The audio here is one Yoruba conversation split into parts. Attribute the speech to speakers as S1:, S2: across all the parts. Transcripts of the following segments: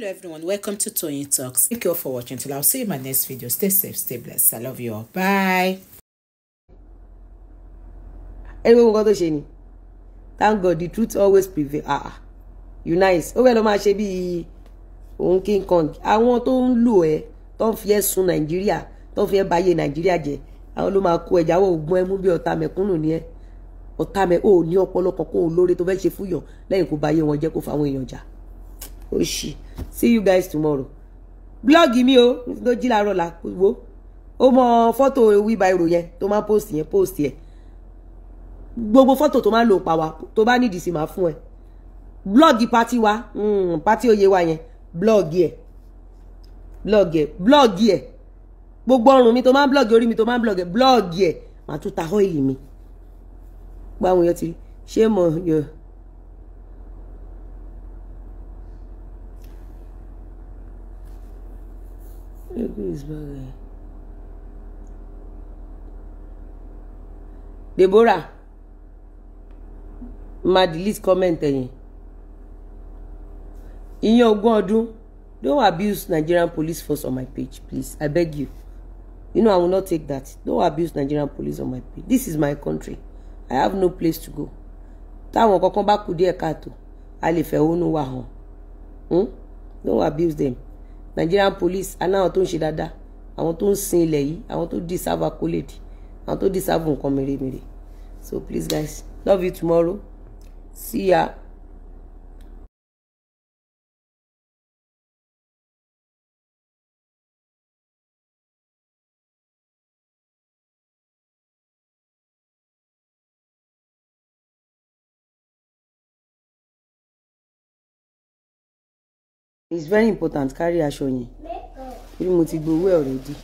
S1: hello everyone welcome to Toyeen Talks thank you all for watching till i'll see you in my next video stay safe stay blessed i love you all bye. ẹ gbogbo nǹkan tó ṣe ni thank god the truth always prevail ah ah you nice ó fẹ́ lọ́ máa ṣe bíi òun king kong àwọn tó ń lò ẹ́ tó ń fi ẹ́ sun nàìjíríà tó ń fi ẹ́ bà ayé nàìjíríà jẹ́ àwọn ló máa kó ẹ̀já wọ ògùn ẹ mú bí ọ̀tá mẹ̀kúnnù ni ẹ́ ọ̀tá mẹ ò ní ọpọlọ kankan olóore tó fẹ́ ṣe fúyàn lẹ́yìn kó bà wọn jẹ́ kó fa àwọn èèyàn jà ó ṣì see you guys tomorrow Blog mi o ló jí làárọ̀ la wo photo mọ fọ́tò wíbáìrò yẹn tó máa post yẹn post yẹn gbogbo photo to máa lò pa wa tó bá nídìí sí máa fún ẹ blọ́ọ̀gì pati wa mm, pati oyè wa yẹn Blog ẹ̀ Blog ẹ̀ Blog ẹ̀ gbogbo ọrùn mi to máa blog ori mi to máa blog blọ́ọ̀gì ẹ̀ blọ́ọ̀gì ẹ̀ màá ta ọ́ìlì mi gbọ́ àwọn èèyàn ti rí mo yọ. Pillsbury. Deborah ma delete comment ẹ̀yìn ìyẹn ogún ọdún don't abuse Nigerian police force on my page please I beg you you know I will not take that don't abuse Nigerian police on my page this is my country I have no place to go táwọn kankan bá kú díẹ̀ káàtó a lè fẹ̀hónú wa hàn hmm? don't abuse them. Nigerian police aláwọn tó ń ṣe dáadáa àwọn tó ń sin ilẹ̀ yìí àwọn tó deserve accolade àwọn tó deserve nǹkan mèremère so please guys love you tomorrow see ya. it's very important carry aṣọ yẹn torí mo ti gbowó ẹ̀ already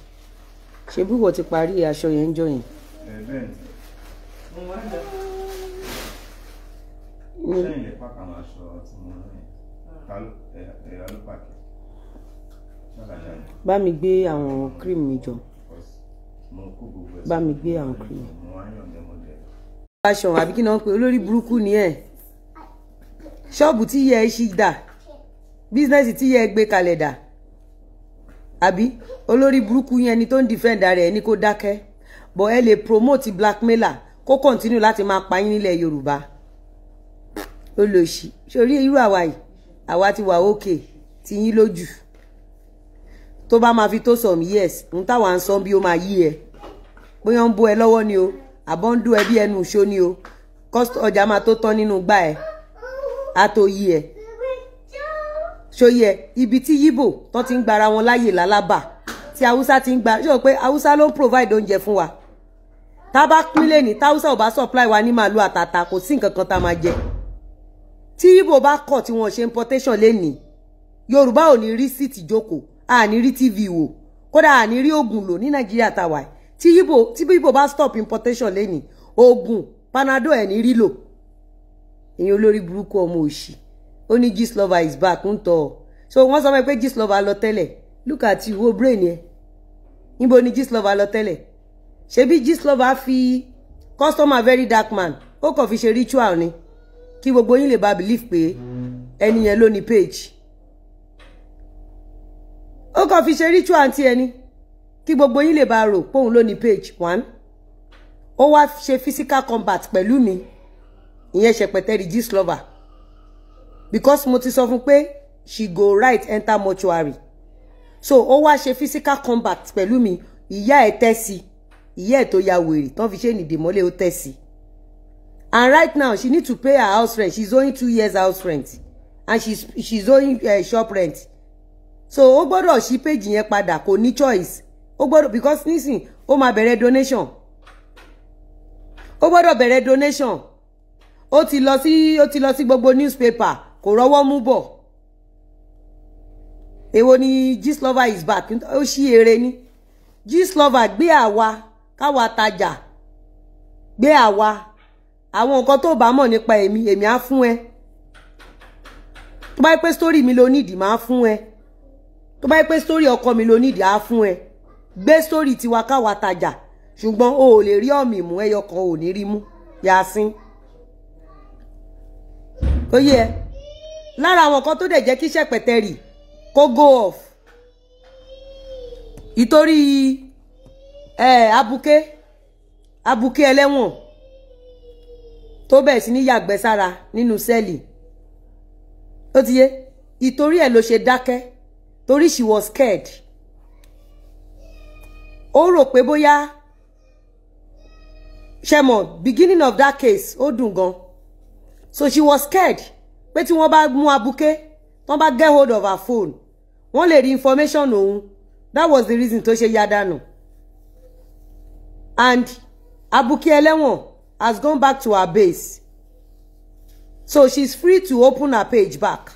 S1: ṣé búwọ̀ ti parí aṣọ yẹn ń jọ yẹn. bá mi gbé àwọn cream mi jọ bá mi gbé àwọn cream. fashion àbí kí náà pé olórí burúkú ni ẹ ṣọ́ọ̀bù tí yẹ ẹ ṣì dà bísínẹ́sì tí yẹ gbé kalẹ̀ dà àbí olórí burúkú yẹn ẹni tó ń defend ara ẹ̀ ní kó dákẹ́ bọ̀ ẹ lè promote blackmailer kó continue láti máa pa yín nílẹ̀ yorùbá olóṣì sórí irú àwa yìí àwa ti wà òkè tí yín lójú tó bá máa fi tó some years ń táwa ń san bí ó máa yí ẹ bóyá ń bó ẹ lọ́wọ́ ni o àbọ̀ ń dún ẹ bí ẹnu ìṣó ni o ọjà máa tó tán nínú gbá ẹ á tó yí ẹ ṣòyẹ ibi tí yíbò tán ti ń gbara wọn láàyè lálábà tí haúsá ti ń gba ṣé o pé haúsá ló ń provide oúnjẹ fún wa tá a bá pín lé ní táwùsá ò bá supply wa ní màálù àtàtà kò sí nǹkan kan tá a máa jẹ tí yíbò bá kọ̀ tí wọ́n ṣe importation lénìí yorùbá ò ní rí síìtì jókòó a ní rí tv wò kódà a ní rí oògùn lò ní nàìjíríà tàwa tí yíbò tí yíbò bá stop importation lénìí oògùn panadol ẹ̀ ní rí lò èyí olórí burúkú ọmọ òṣì ó ní Gistlover is back ń tọ̀ so wọ́n sọ fún ẹ pé Gistlover lọ tẹ́lẹ̀ look at you wo brain yẹn níbo ni Gistlover lọ tẹ́lẹ̀ ṣebí Gistlover fi customer very dark man ó kàn fi ṣe ritual ni kí gbogbo yín lè bá believe pé ẹni yẹn ló ní page ó kàn fi ṣe ritual ti ẹni kí gbogbo yín lè bá rò póun ló ní page one ó wá ṣe physical combat pẹ̀lú mi ìyẹn ṣẹpẹtẹ rí Gistlover because mo ti sọ fún pé she go right enter mortuary so ó wá ṣe physical combat pẹ̀lú mi ìyá ẹ̀ tẹ́sí ìyá ẹ̀ tó ya wèrè tán fi ṣe nìdèmọ́lé ó tẹ́sí and right now she need to pay her house rent she's owing two years house rent and she's she's owing uh, shop rent so ó gbọ́dọ̀ ṣí péjì yẹn padà kò ní choice ó gbọ́dọ̀ because nísìn o ma bere donation ó gbọ́dọ̀ bẹ̀rẹ̀ donation O ti lọ sí ó ti lọ sí gbogbo newspaper kò rọ́wọ́ mú bọ̀ èwo ni Gistlover is back ó ṣí eré ní Gistlover gbé àwa káwa tajà gbé àwa àwọn nǹkan tó bá mọ̀ nípa èmi èmi á fún ẹ tó bá yẹ pé sítórì mi ló nídìí máa fún ẹ tó bá yẹ pé sítórì ọkọ mi ló nídìí á fún ẹ gbé sítórì tiwa káwa tajà ṣùgbọ́n o ò lè rí ọ̀mì mú ẹyọ ò ní rí mú yàásín ó yẹ lára àwọn kan tó dẹ̀ jẹ́ kí ṣẹ̀pẹ̀tẹ̀rì kó go off ìtorí eh, Abuke, Abuke, ẹlẹ́wọ̀n tó bẹ̀rẹ̀ sí ní yàgbẹ́ sára nínú sẹ́ẹ̀lì ó ti yé ìtorí ẹ̀ ló ṣe dákẹ́ torí she was scared ó rò pé bóyá ṣẹmọ beginning of that case ó dùn gan so she was scared pé tí wọ́n bá mú abuké wọ́n bá get hold of her phone wọ́n lè rí information òun that was the reason tó ṣe ya dànù and abuké ẹlẹ́wọ̀n has gone back to her base so she's free to open her page back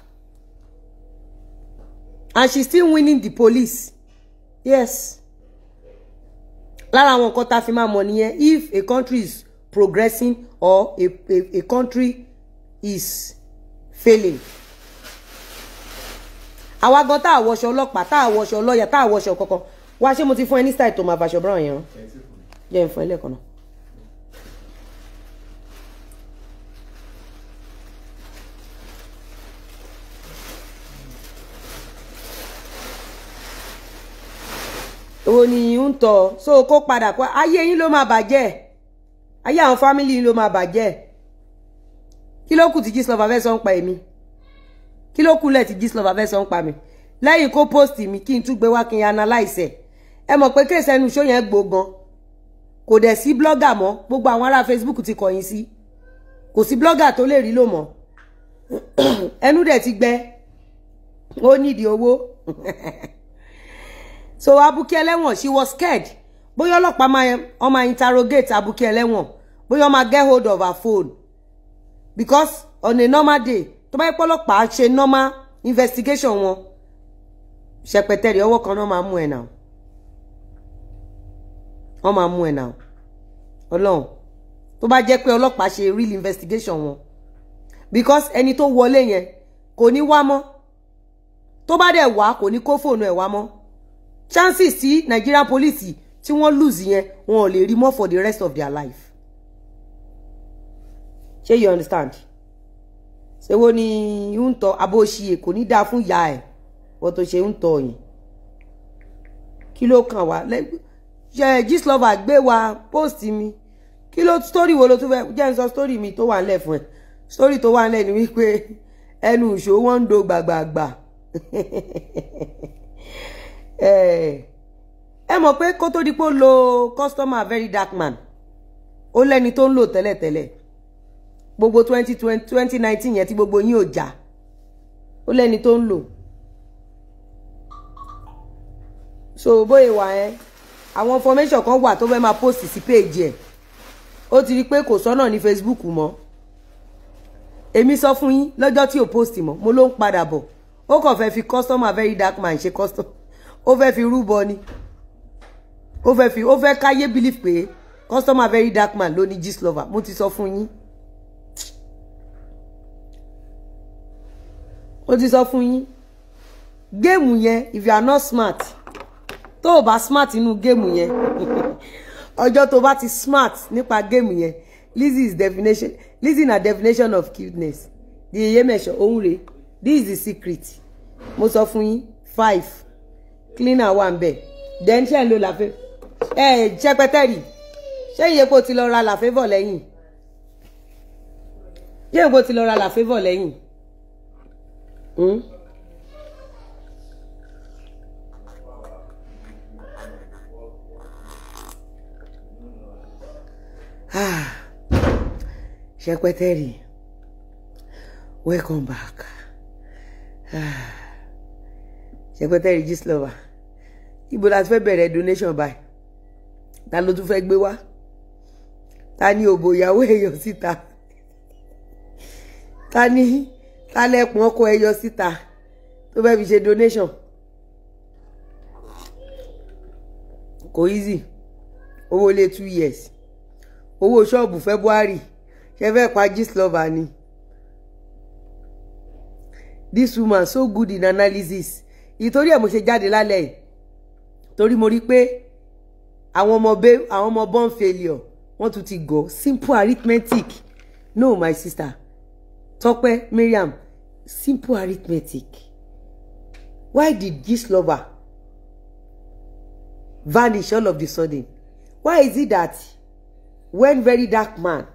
S1: and she's still winning the police yes lára àwọn nǹkan tá a fi máa mọ̀ nìyẹn if a country is progressing or a a, a country is failing àwa gan tá àwọṣọ ọlọ́pàá tá àwọṣọ ọlọ́yà tá àwọṣọ kankan wá ṣé mo ti fún ẹ ní style tó máa bàṣọ brown yẹn rán jẹ́ ìfún ẹlẹ́kan náà. òun ni ń tọ̀ so kó padà kó ayé yín ló máa bàjẹ́ ayé àwọn fámìlì yín ló máa bàjẹ́ kí ló kù tí Gistlover fẹ́ sọ ń pa èmi kí ló kù lẹ̀ tí Gistlover fẹ́ sọ ń pa mi lẹ́yìn kó post mi kí n tún gbé wá kí n analyse ẹ̀ ẹ mọ̀ pé kéèsì ẹnu ṣó yẹn gbógan kò dẹ̀ sí blogger mọ́ gbogbo àwọn ará Facebook ti kọ̀yìn sí kò sí blogger tó lè rí lò mọ́ ẹnu dẹ̀ ti gbẹ ó nídìí owó so abuki ẹlẹ́wọ̀n she was scared bóyá ọlọ́pàá máa interrogate abuki ẹlẹ́wọ̀n bóyá ó máa get hold of her phone because on a normal day tó bá yẹ pọ́lọ́pàá ṣe normal investigation wọn ṣẹpẹtẹ rẹ ọwọ́ kan náà máa mú ẹ now. wọ́n máa mú ẹ náà ọlọ́run tó bá jẹ́ pé ọlọ́pàá ṣe real investigation wọn because ẹni to wọlé yẹn koni ní wá mọ́ tó bá dẹ̀ wá kò ní kó fóònù ẹ̀ chances sí Nigerian police tí wọ́n lose yẹn wọn ò lè rí mọ́ for the rest of their life ṣé you understand wo ni ń tọ abóṣiyè kò ní dáa fún ìyá ẹ̀ wọ́n tó ṣe ń tọ yìí kí ló kàn wá ṣe Gistlover gbé wa post mi kí ló story wo ló tún fẹ́ jẹ́ n sọ story mi tó wà ńlẹ̀ fún ẹ story tó wà ńlẹ̀ ni wípé ẹnu ìṣó wọ́n ń do gbàgbàgbà ẹ mọ̀ pé kó tó di pé ó lo customer very dark man ó lẹ́ni tó ń lò tẹ́lẹ̀tẹ́lẹ̀ gbogbo twenty twenty nineteen yẹn tí gbogbo yín ò jà ó lẹ́ni tó ń lò so bóyá wà ẹ́ àwọn information kan wà tó fẹ́ máa post sí page ẹ̀ ó ti rí i pé kò sọ́nà ní Facebook mọ́ èmi sọ fún yín lọ́jọ́ tí ò post mọ́ mo ló ń padà bọ̀ ó kàn fẹ́ fi customer very dark man ṣe custom ó fẹ́ fi rúbọ ni ó fẹ́ fi ó fẹ́ káyé believe pé customer very dark man ló ní gist lover mo ti sọ fún yín. ó ti sọ fún yín géèmù yẹn if you are not smart tó o bá smart inú géèmù yẹn ọjọ́ tó o bá ti smart nípa géèmù yẹn Lizzy is definition Lizzy na definition of cuteness di iyemẹsọ ohun rèé this is the secret mo sọ fún yín five cleaner wà ń bẹ then ṣe ń lo làfẹ ẹ ṣẹpẹtẹrì ṣé ìyẹ́pọ̀ ti lọ ra làfẹ́vọ̀ lẹ́yìn ṣé ìyẹ́pọ̀ ti lọ ra làfẹ́vọ̀ lẹ́yìn. Hmm? Ah, Shekweteri, welcome back. Ah, ti fẹ́ donation by, ta ló fe gbe wa? Ta ni òbò ìyàwó èèyàn síta? Ta ni? tálẹ́pọ̀n ọkọ̀ ẹ yọ síta tó fẹ́ fi ṣe donation kò easy owó lé two years owó ṣọ́ọ̀bù February ṣe fẹ́ pa gist lover ni this woman so good in analysis ìtorí ẹ̀ mo ṣe jáde lálẹ́ yìí torí mo rí pé àwọn ọmọ bẹ àwọn ọmọ born failure wọ́n tún ti gọ̀ simple arithmetic no my sister Tọ́pẹ́ Miriam simple arithmetic why did this lover vanish all of the sudden why is it that when very dark man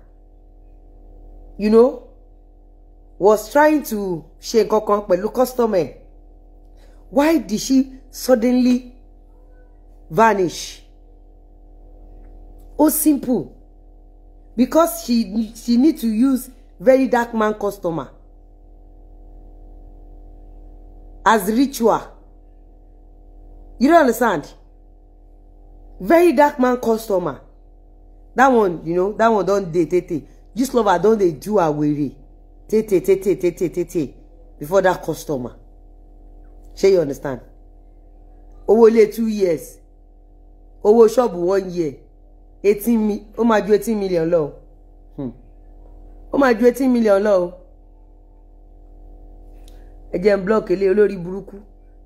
S1: you know was trying to ṣe nǹkan kan pẹ̀lú customer why did she suddenly vanish Oh, simple because she she need to use very dark man customer as ritual you don't understand very dark man customer that one you know that one don dey tete this lover don dey do awere tete tete tete tete before that customer shey you understand owó ilé two years owó ṣọ́ọ̀bù one year eighteen mi ó máa ju eighteen million lọ ó máa ju eighteen million lọ o ẹ jẹ́ ń block ilé olórí burúkú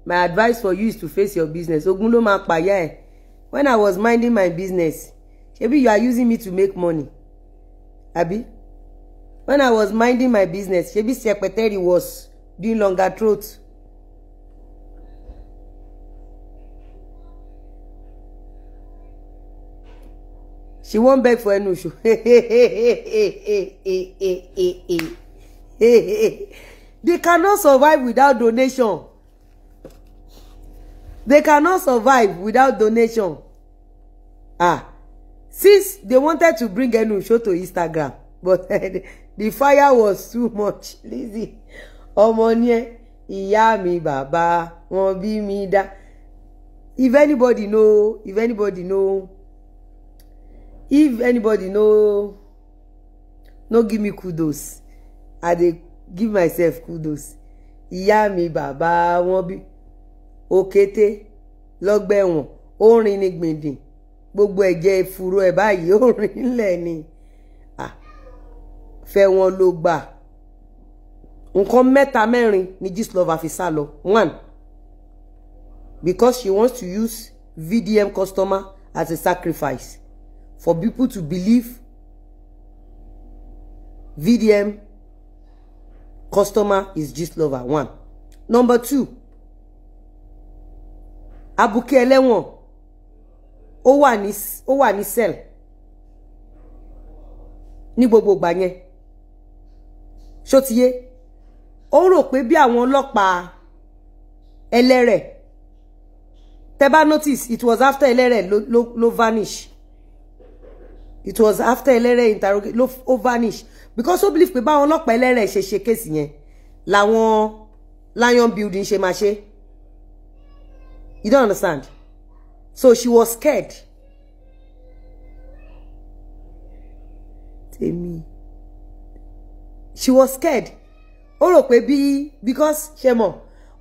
S1: my advice for you is to face your business ogun ló máa pààyà ẹ̀ when i was minding my business shebi you are using me to make money abi when i was minding my business shebi secretary was doing longer throat She won't beg for any show. They cannot survive without donation. They cannot survive without donation. Ah, since they wanted to bring Enu show to Instagram, but the fire was too much. Lizzie, ọmọ ni ẹ́, ìyá mi bàbá, wọ́n bí mi dá. If anybody know, if anybody know if anybody no no give me kudos i dey give myself kudos ìyá mi bàbá wọn bí òkété lọgbà ẹ̀wọ̀n orin ni gbìndín gbogbo ẹ̀jẹ̀ furu ẹ báyìí orin ńlẹ ni fẹ́ wọn ló gbà nǹkan mẹ́ta mẹ́rin ni Gistlover fi sá lọ one because she wants to use VDM customer as a sacrifice for people to believe VDM customer is just lover one. Number two, Abuke ẹlẹ́wọ̀n ó wà ni ó ni ní cell ní gbogbo ìgbà yẹn ṣó ti yé ó rò pé bí àwọn ọlọ́pàá ẹlẹ́rẹ̀ notice it was after ẹlẹ́rẹ̀ ló ló vanish it was after ẹlẹ́rẹ̀ interrogate lo ó vanish because so believe pé báwọn ọlọ́pàá ẹlẹ́rẹ̀ ṣe ṣe kéèsì yẹn làwọn lion building ṣe máa ṣe you don't understand so she was scared. tèmi she was scared ó rò pé bí because ṣe mọ̀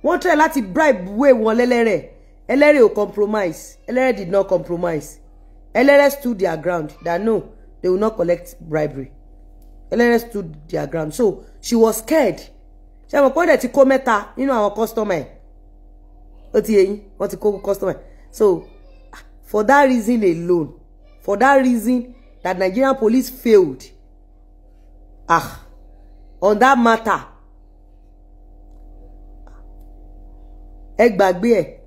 S1: wọ́n tẹ̀ láti bribe way wọn lẹ́lẹ́rẹ̀ ẹlẹ́rẹ̀ o compromise ẹlẹ́rẹ̀ did not compromise LRS stood their ground that no, they will not collect bribery. LRS stood their ground. So she was scared. She, àwọn kan dẹ̀ ti kó mẹ́ta nínú àwọn customer ẹ̀? Ó ti yé yín, wọ́n ti kó customer So for that reason alone, for that reason that Nigerian police failed ah, on that matter, egg bag beer.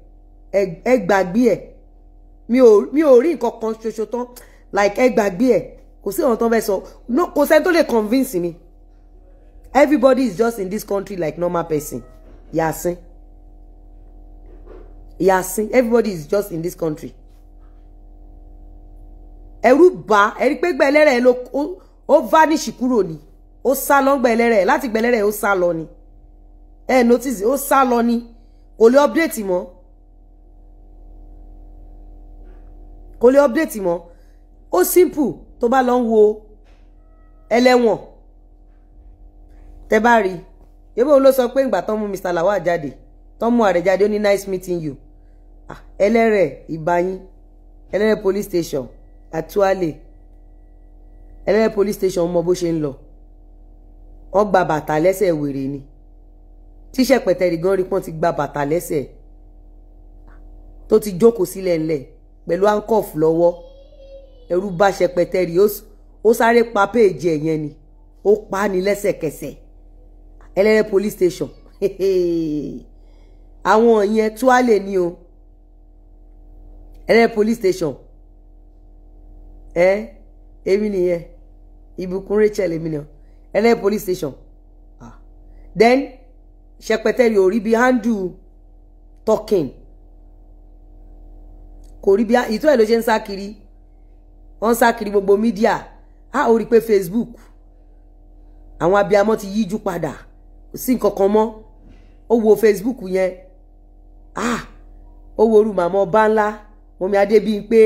S1: Egg egg bag beer mi ò mi ò rí nǹkan kan ṣoṣo tán like ẹ gbàgbé ẹ kò sí ọ̀nà tán fẹ́ sọ no kò sẹ́ni tó lè convince mi everybody is just in this country like normal person yasin yasin everybody is just in this country ẹ̀rù bà ẹ̀rí pé gbẹ ẹlẹ́rẹ̀ ló ó vanish kúrò ni ó sá lọ gbẹ láti gbẹ ó sá lọ ni ẹ notice ó sá lọ ni kò lè update mọ́. kò lè update mọ́ ó simple tó bá lọ ń wo ẹlẹ́wọ̀n tẹ bá rí yẹ́bọ̀ ló sọ pé ìgbà tán mú Mr. Lawal jáde tán mú ààrẹ jáde ó ní nice meeting you ah, ẹlẹ́rẹ̀ ìbáyín ẹlẹ́rẹ̀ police station àtúwálé ẹlẹ́rẹ̀ police station mọ bó ṣe ń lọ wọ́n gba bàtà lẹ́sẹ̀ wèrè ni tíṣẹ̀pẹ̀tẹ̀rì gan rí pọ́n ti gba bàtà lẹ́sẹ̀ tó ti jókòó sílẹ̀ ńlẹ̀ pẹ̀lú handcuff lọ́wọ́ ẹ̀rù bá ṣẹpẹtẹrì ó sáré pa péèjì ẹ̀ yẹn ni ó pa á ní lẹ́sẹ̀kẹsẹ̀ ẹlẹ́rẹ́ police station àwọn yẹn tuwálè ni o ẹlẹ́rẹ́ police station ẹ èmi nìyẹn ìbùkún Rachel èmi nìyẹn ẹlẹ́rẹ́ police station then ṣẹpẹtẹrì ò rí bí handle talking kò rí bí ìtú ẹ̀ ló ṣe ń sá kiri wọ́n sá kiri gbogbo mídíà á ò rí pé Facebook àwọn abiyamọ ti yíjú padà kò sí nǹkan kan mọ́ ó wo Facebook yẹn á ó wo orú màmá ọba ńlá mọ́mí Adébíyìnpé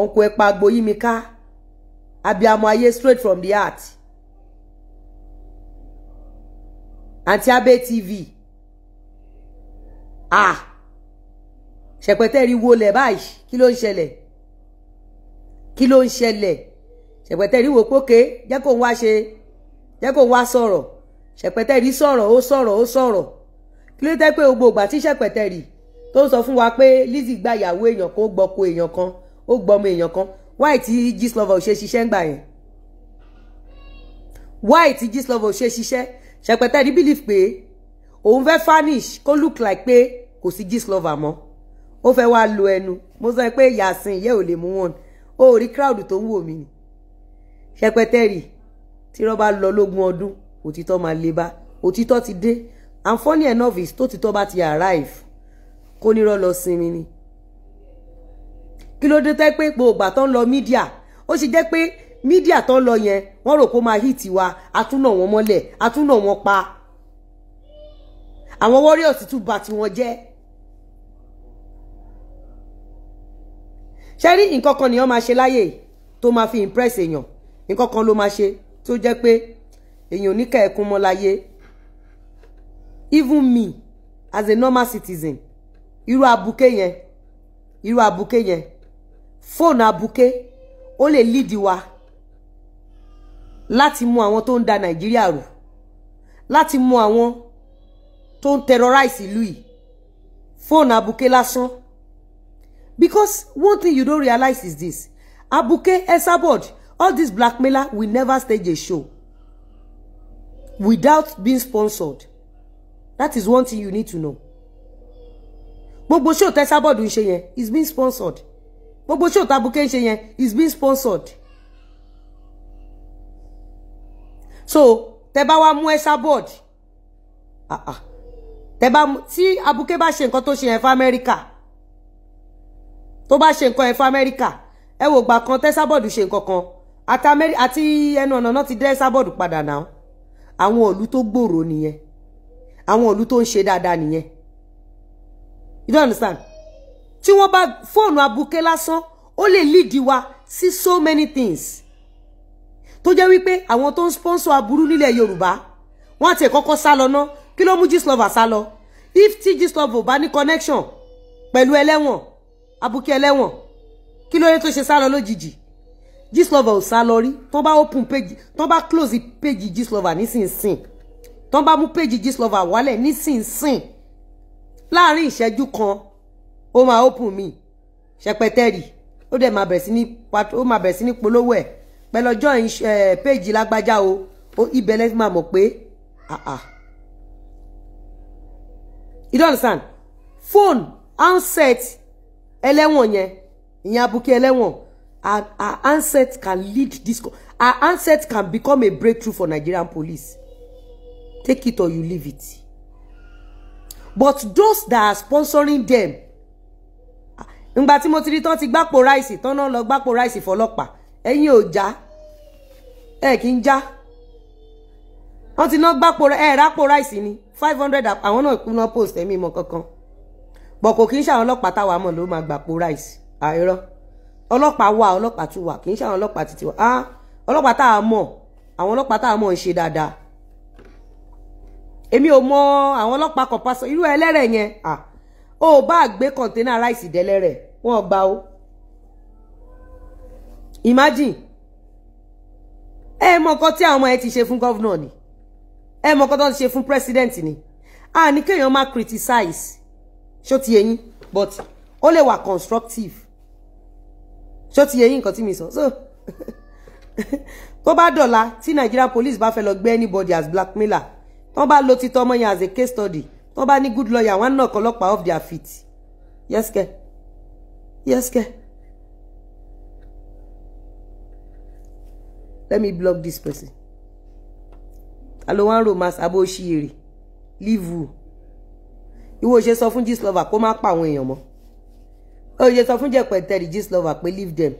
S1: ọ̀nkọ ẹ̀ pa agbo mi ká abiyamọ ayé straight from the heart àǹtí Abẹ́ TV ah ṣẹpẹtẹrí wọlé báyìí kí ló ń ṣẹlẹ̀ kí ló ń ṣẹlẹ̀ ṣẹpẹtẹrí wò pókè jẹ́ kó ń wá ṣe jẹ́ kó ń wá sọ̀rọ̀ ṣẹpẹtẹrí sọ̀rọ̀ ó sọ̀rọ̀ ó sọ̀rọ̀ kí ló tẹ́ pé gbogbo ìgbà tí ṣẹpẹtẹrí tó ń sọ fún wa pé Lizzy gba ìyàwó èèyàn kan ó gbọ́kọ èèyàn kan ó gbọ́mọ èèyàn kan wáì tí Gistlover ò ṣe ṣiṣẹ́ ń gbà yẹn wáì tí Gistlover ò ṣe ṣiṣẹ́ ṣẹpẹtẹrí believe pé òun fẹ́ furnish kó look like pé kò sí Gistlover mọ́ ó fẹ́ wá lo ẹnu mo sọ pé yàsìn ìyẹ́ ò lè mú wọn o ò crowd tó ń wò mí ni ṣẹpẹtẹrì tí irọ́ bá lọ lógún ọdún òtítọ́ máa le bá òtítọ́ ti dé and funny enough is tó títọ́ bá ti arrive kó nírọ́ lọ sinmi ni kilo ló dé tẹ́ pé gbogbo àtọ́ ń lọ mídíà ó sì jẹ́ pé mídíà tó ń lọ yẹn wọ́n rò pé wa àtúnà wọn mọ́lẹ̀ àtúnà wọn pa àwọn warriors tún bà tiwọn jẹ́ ṣe rí nǹkan kan nìyẹn máa ṣe láyè tó máa fi impress èèyàn nǹkan kan ló máa ṣe tó jẹ́ pé èèyàn oníkà ẹ̀kún mọ́ láyé even me as a normal citizen irú abuké yẹn irú abuké yẹn fóònù abuké ó lè lead wa láti mú àwọn tó ń da nàìjíríà rò láti mú àwọn tó ń terrorize ìlú yìí fóònù abuké lásán Because one thing you don't realize is this. Abuke, Esabod, all these blackmailer will never stage a show without being sponsored. That is one thing you need to know. Gbogbo show Esabod ń ṣe yẹn is being sponsored. Gbogbo show Abuke ń ṣe yẹn is being sponsored. So, tẹ́ wa mu mú Esabod. Ah ah. Tẹ́ bá tí Abuke bá ṣe nǹkan tó ṣe yẹn fún America tó bá ṣe nǹkan ẹ̀ fún amẹ́ríkà ẹ wò gbà kan tẹ́sábọ̀dù ṣe nǹkan kan àti ẹnu ọ̀nà náà ti dẹ́ sábọ̀dù padà náà àwọn òlu tó gbòòrò nìyẹn àwọn òlu tó ń ṣe dáadáa nìyẹn you don't understand tí wọ́n bá fóònù abuké lásán ó lè lead wa sí so many things tó jẹ́ wípé àwọn tó ń sponsor aburú nílẹ̀ yorùbá wọ́n á ti kọ́kọ́ sá lọ náà kí ló mú Gistlover sá lọ if tí Gistlover ò bá ní connection pẹ̀lú ẹlẹ́wọ̀n abúkẹ́ ẹlẹ́wọ̀n kí ló dé tó ṣe sá lọ lójijì Gistlover ò sá lọ rí tán bá open page tán bá close page Gistlover nísinsìn tán bá mú page Gistlover wálẹ̀ nísinsìn láàrin ìṣẹ́jú kan ó máa open mi ṣẹpẹtẹ́rì ó dẹ̀ máa bẹ̀rẹ̀ sí ní ó máa bẹ̀rẹ̀ sí ní polówó ẹ̀ pẹ̀lú ọjọ́ péjì lágbájá o ibẹ̀ lẹ́sìn máa mọ̀ pé you don't understand phone handset ẹlẹ́wọ̀n yẹn ìyẹn abuké ẹlẹ́wọ̀n our our ancestors can lead this our ancestors can become a breakthrough for Nigerian police take it or you leave it but those that are sponsoring them ngbà tí mo ti rí tán ti gbápò ráìsì tán náà lọ gbápò ráìsì fọlọ́pàá ẹ̀yin ò já ẹ̀ kì í já wọ́n ti ná gbápò ẹ̀ rápò ráìsì ni five hundred àwọn náà kúná post ẹ̀mí mọ́ kankan bọ̀ kò kì í ṣàwọn ọlọ́pàá táwa mọ̀ ló máa gbàpò rice àìrọ́ ọlọ́pàá wà ọlọ́pàá tún wà kì í ṣàwọn ọlọ́pàá títí wà ah ọlọ́pàá táwa mọ̀ àwọn ọlọ́pàá táwa mọ̀ ń ṣe dáadáa èmi ò mọ àwọn ọlọ́pàá kan pásọ irú ẹlẹ́rẹ̀ yẹn ah ó bá gbé kọ̀ńténà rice dẹ́lẹ́rẹ̀ wọ́n gbà ó imagine ẹ mọ nǹkan tí àwọn ọmọ ẹ ti ṣe fún gọ́vnọ̀ ni ẹ mọ nǹkan tó ti ṣe fún president ni àní kéèyàn má criticize ṣó ti yẹyin but ó lè wà constructive ṣó ti yẹyin nǹkan tí mi sọ so tó bá dọ̀la tí Nigerian police bá fẹ́ lọ gbé anybody as blackmailer tó bá lo títọ́ ọmọ yẹn as a case study tó bá ní good lawyer wọn náà kọlọ́pàá off their feet yes kẹ yes kẹ. let me block this person. Alo wan romance abo shiri. Leave you ìwọ ṣe sọ fún Gistlover kó má pa àwọn èèyàn mọ́ ó ṣe sọ fún Jẹpẹtẹrì Gistlover pé leave them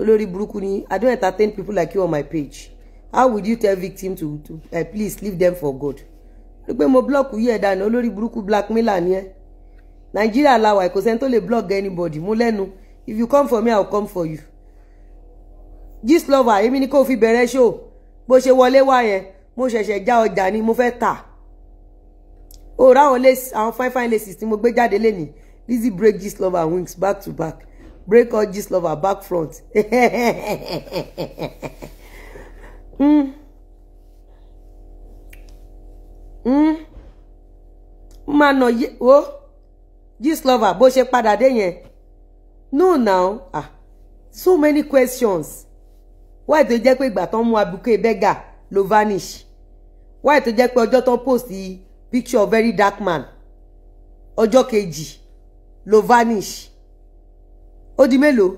S1: olórí burúkú ni I don't entertain people like you on my page how would you tell victim to to uh, please leave them for God rí pé mo blọọkù yí ẹ dànù olórí burúkú blackmailer ni ẹ Nàìjíríà làwà kò sẹ́ni tó lè block anybody mú lẹ́nu if you come for me I will come for you Gistlover èmi ni kò fi bẹ̀rẹ̀ ṣó bó ṣe wọlé wá yẹn mo ṣẹ̀ṣẹ̀ já ọjà ni mo fẹ́ ta o oh, ráwọn lace àwọn fine fine laces tí mo gbé jáde lénìí Lizzy break gist lover wings back to back break all gist lover back front. mm. Mm. máa nà yé o gist lover bó ṣe padà dé yẹn no now ah so many questions why tó jẹ́ pé ìgbà tán mú abuké bẹ́gà ló vanish why tó jẹ́ pé ọjọ́ tán post yìí picture of very dark man ọjọ́ kejì ló vanish ó di mélòó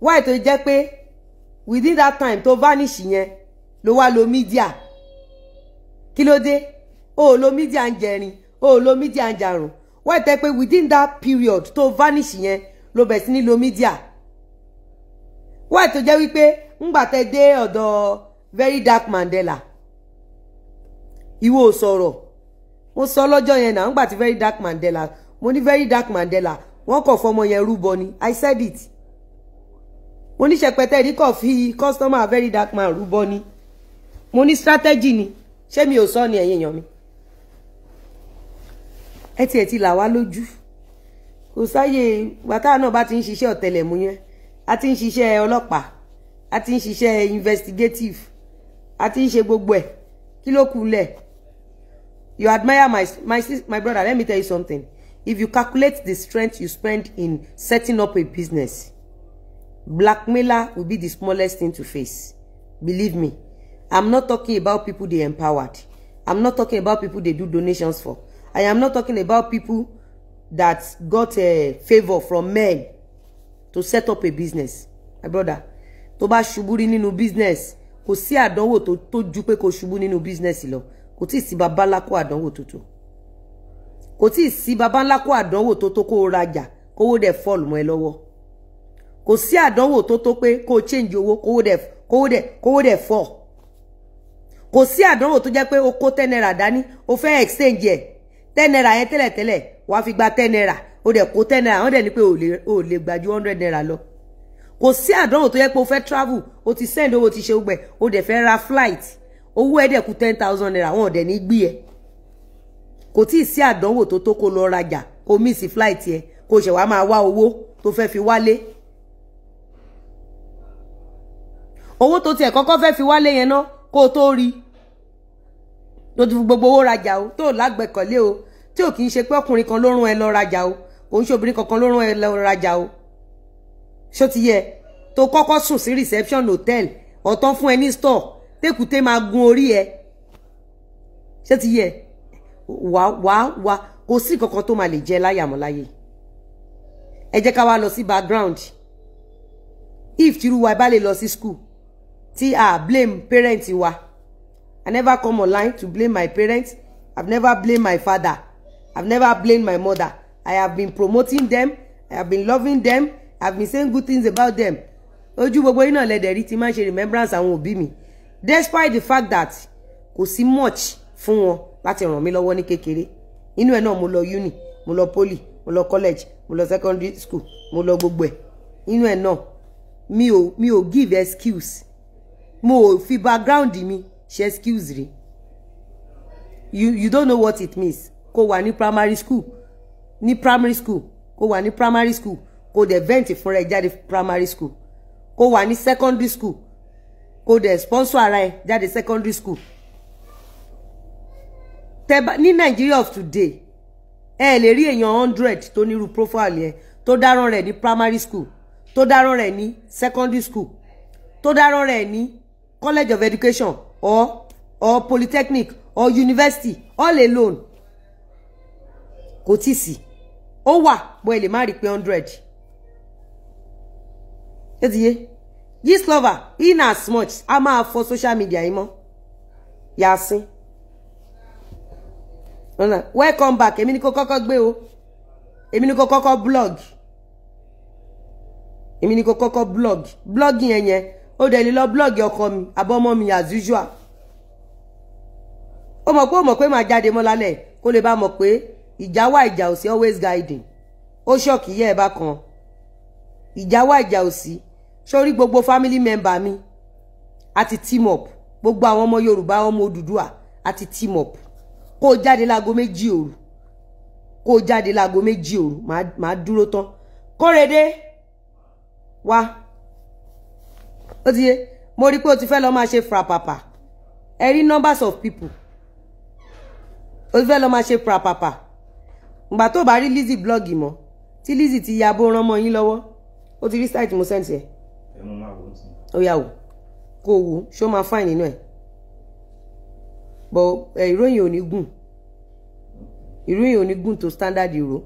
S1: why tó jẹ́ pé within that time tó vanish yẹn ló wá lo media. kí ló dé o ò lo media ń jẹrin o ò lo media ń jarun Why tó jẹ́ pé within that period tó vanish yẹn ló bẹ̀ sí ní lo mídíà wáyé tó jẹ́ wípé ńgbà tẹ́ dé ọ̀dọ̀ very dark Mandela ìwọ ò sọ̀rọ̀ ó sọ lọ́jọ́ yẹn náà ńgbà tí very dark Mandela mo ní very dark Mandela wọ́n kọ̀ fọmọ yẹn rúbọ ni I said it mo ní ṣẹpẹtẹ ní kò fi customer very dark man rúbọ ni mo ní strategy ni ṣé mi ò sọ ni ẹ̀yin èèyàn mi ẹ tiẹ̀ ti là wá lójú kò sáyè bàtà náà bá ti ń ṣiṣẹ́ ọ̀tẹlẹ̀múyẹ́ a ti ń ṣiṣẹ́ ọlọ́pàá a ti ń ṣiṣẹ́ investigative a ti ń ṣe gbogbo ẹ̀ kí ló kù You admire my, my, my brother. Let me tell you something. If you calculate the strength you spend in setting up a business, blackmailer will be the smallest thing to face. Believe me. I'm not talking about people they empowered. I'm not talking about people they do donations for. I am not talking about people that got a eh, favor from men to set up a business. My brother, tó bá ṣubú nínú business, kò sí àdánwò tó tó ju pé kó ṣubú nínú business lọ kò tí ì sí baba ńlá kó àdánwò tuntun kò tí ì sí baba ńlá kó àdánwò tó tó kó o rajà kówó dẹ̀ fọ́ọ̀lù mọ́ ẹ lọ́wọ́ kò sí àdánwò tó tó pé kó o change owó kówó dẹ̀ kówó dẹ̀ kówó dẹ̀ fọ́ kò sí àdánwò tó jẹ́ pé o kó ten naira dání o fẹ́ exchange ẹ̀ ten naira yẹn tẹ́lẹ̀tẹ́lẹ̀ wàá fi gba ten naira o dẹ̀ kó ten naira wọ́n dẹ̀ ní pé o lè gba ju hundred naira lọ kò sí àdánwò tó yẹ pé o fẹ́ travel o ti send owó ti ṣe gbẹ o dẹ̀ fẹ́ ra flight owó ẹ̀dẹ̀ kù ten thousand naira wọn ò dẹ̀ ní gbé ẹ kò tí ì sí àdánwò tó tó kó lọ rajà kó miss flight ẹ kó ṣẹ̀ wá máa wá owó tó fẹ́ fi wálé owó tó tiẹ̀ kọ́kọ́ fẹ́ fi wálé yẹn ná kó o tó rí ló ti fi gbogbo owó rajà o tó lágbẹ̀kọ̀lé o tí ò kì í ṣe pé ọkùnrin kan ló rún ẹ lọ rajà o kò ń ṣe obìnrin kankan ló rún ẹ lọ rajà o ṣó ti yẹ tó kọ́kọ́ sùn sí reception hotel ọ̀tán fún ẹ ní store tẹkùtẹ máa gun orí ẹ ṣé ti yẹ wà wà wà kò sí kankan tó máa lè jẹ láyàmọ ẹ jẹ́ ká wá lọ sí background if tiru wa bá lè lọ sí school ti a blame parents wa i never come online to blame my parents i've never blamed my father i've never blamed my mother i have been promoting them i have been loving them i have been saying good things about them ojú gbogbo yín náà lẹ́dẹ̀ẹ́rí ti máa ń ṣe remembrance àwọn òbí mi despite the fact that kò sí much fún wọn láti ràn mí lọ́wọ́ ní kékeré inú ẹ̀ náà mo lọ uni mo lọ poly mo lọ college mo lọ secondary school mo lọ gbogbo ẹ̀ inú ẹ̀ náà mi ò mi ò give excuse mo ò fi background mi ṣe excuse rí you you don't know what it means kó wà ní primary school ní primary school kó wà ní primary school kó dẹ̀ vent fúnra ẹ̀ jáde primary school kó wà ní secondary school kò dẹ̀ sponsor ara ẹ̀ jáde secondary school tẹ bá ní Nigeria of today ẹ lè rí èèyàn hundred tó nírú profile yẹn tó dáràn rẹ̀ ní primary school tó dáràn rẹ̀ ní secondary school tó dáràn rẹ̀ ní college of education or or polytechnic or university all alone kò tí sí ó wà bó ẹ lè má rí pé hundred ẹ ti yé. This lover, in as much, a máa fọ social media yìí mọ́. Yasin. Welcome back, èmi ni kò kọ́kọ́ gbé o. Èmi ni kò kọ́kọ́ blog. Èmi ni kò kọ́kọ́ blog. Blogging yẹn yẹn, ó dẹ̀ lè lọ blog ọkọ mi, àbọ̀mọ́ mi as usual. Ó mọ̀ pé ó mọ̀ pé màá jáde mọ́ lálẹ́ kó lè bá mọ̀ pé ìjà wà ìjà always guiding O ṣọ́ọ̀kì ye ẹ bá kan ìjà wà ìjà òsì sórí gbogbo family member mi àti team up gbogbo àwọn ọmọ yorùbá ọmọ òdùdúà àti team up kó o jáde láago méjì òru kó o jáde láago méjì òru màá dúró tán kórede wá ó ti yé mo rí i pé o ti fẹ́ lọ́ọ́ máa ṣe frapapa ẹ rí numbers of people o ti fẹ́ lọ́ọ́ máa ṣe frapapa ìgbà tó bá rí Lizzy blog mọ́ tí Lizzy ti yabo bó rán mọ́ yín lọ́wọ́ ó ti rí site mo sẹ́ǹtì ẹ̀. ó yà wò kó o wù ṣó máa fáìn nínú ẹ̀ bọ̀ ìròyìn ò ní gùn ìròyìn ò ní gùn tó standard ìró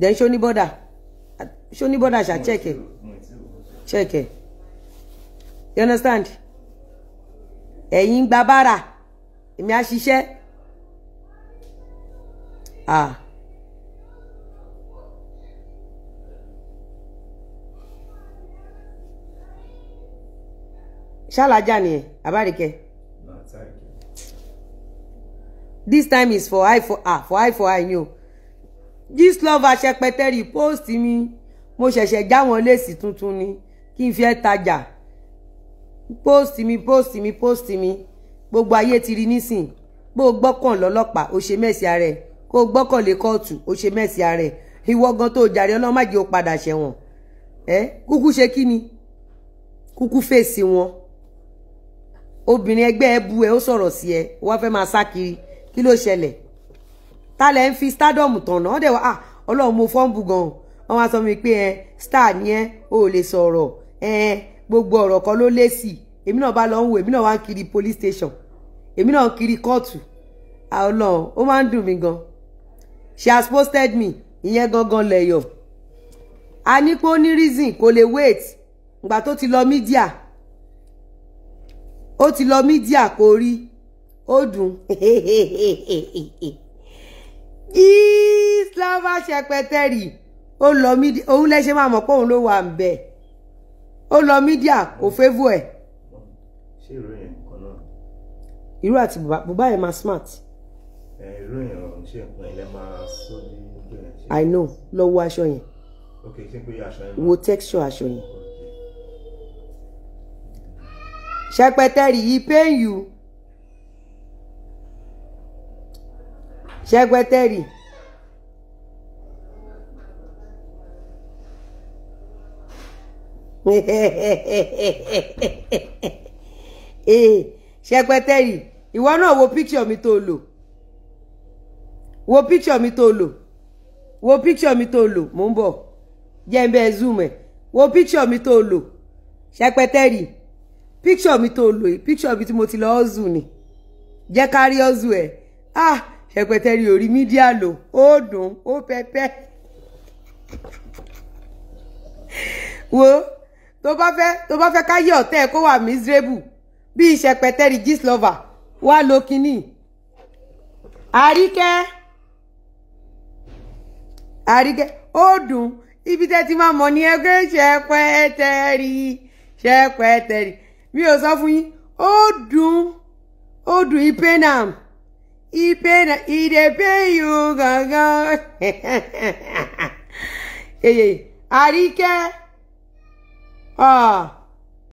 S1: then ṣó ní bọ́dà ṣó ní bọ́dà ṣá check ẹ̀ check ẹ̀ you understand ẹ̀yin gba bára èmi á ṣiṣẹ́ ah. ṣálájà nìyẹn abárikẹ. this time is for eye for ah for eye for eye ni o gist lover ṣẹpẹtẹrì post mi mo ṣẹ̀ṣẹ̀ já wọn léèsì tuntun ni kí n fi ẹ́ tajà post mi post mi post mi gbogbo ayé ti rí nísìn bó o gbọ́kàn lọ́lọ́pàá o ṣe mẹ́sì ara ẹ̀ kó o gbọ́kàn lé kóòtù o ṣe mẹ́sì ara ẹ̀ ìwọ gan tó o jàre ọlọ́mọ má jẹ́ o padà ṣẹ̀wọ̀n ẹ kúkú ṣe kí ni kúkú fèsì wọn obìnrin ẹgbẹ́ ẹ bu ẹ ó sọ̀rọ̀ sí ẹ wọ́n fẹ́ máa sá kiri kí ló ṣẹlẹ̀ ta lẹ̀ ń fi stardom tọ̀nà ọ́ dẹ̀ wá ah ọlọ́run mo fọ́n bu gan wọ́n wá sọ mi pé ẹ star ni ẹ ò lè sọ̀rọ̀ ẹ gbogbo ọ̀rọ̀ kan ló lé sí èmi náà bá lọ ń wo èmi náà wá ń kiri police station èmi náà ń kiri kóòtù ọlọ́run ó máa ń dùn mí gan she has posted me ìyẹn gangan lẹ̀yọ̀ a ní pé ó ní reason kò lè wait ìgbà tó ti lọ mídíà ó ti lọ mídíà kò rí ó dùn islava ṣẹpẹtẹrì ó lọ mídíà òun lẹṣẹ máa mọ pé òun ló wà ń bẹ ó lọ mídíà kò fẹ́vù ẹ̀. irú àti bùbá bùbá máa smart. irú yẹn ọ̀hún ṣe nǹkan ilẹ̀ máa sọ ní ìgbẹ́ yẹn. I know lọ wo aṣọ yẹn. ok ṣé pé aṣọ yẹn. wo texture aṣọ yẹn. Secretary, he pay you. Secretary. Eh, Secretary, ìwọ náà wo picture mi tó lò. Wo picture mi tó lò. Wo picture mi tó lò. Mo ń zoom ẹ̀. Wo picture mi tó lò. Secretary picture mi tó lò yìí picture mi tí mo ti lọ ọ́zù ni jẹ́ ká rí ọ́zù ẹ̀ ah ṣẹpẹtẹ rí orí mídíà lò ó dùn ó pẹpẹ wo tó bá fẹ́ tó bá fẹ́ ká yẹ ọ̀tẹ̀ kó wà miserable bí ṣẹpẹtẹ rí gist lover wá lo kínní àríkẹ́ àríkẹ́ ó dùn ibi tẹ́ ti máa mọ̀ ní ẹgbẹ́ ṣẹpẹtẹ rí mi ò sọ fún yín ó dùn ó dùn ipenam ipenam ìdèbéyò gangan èyè àríkẹ́. Ah.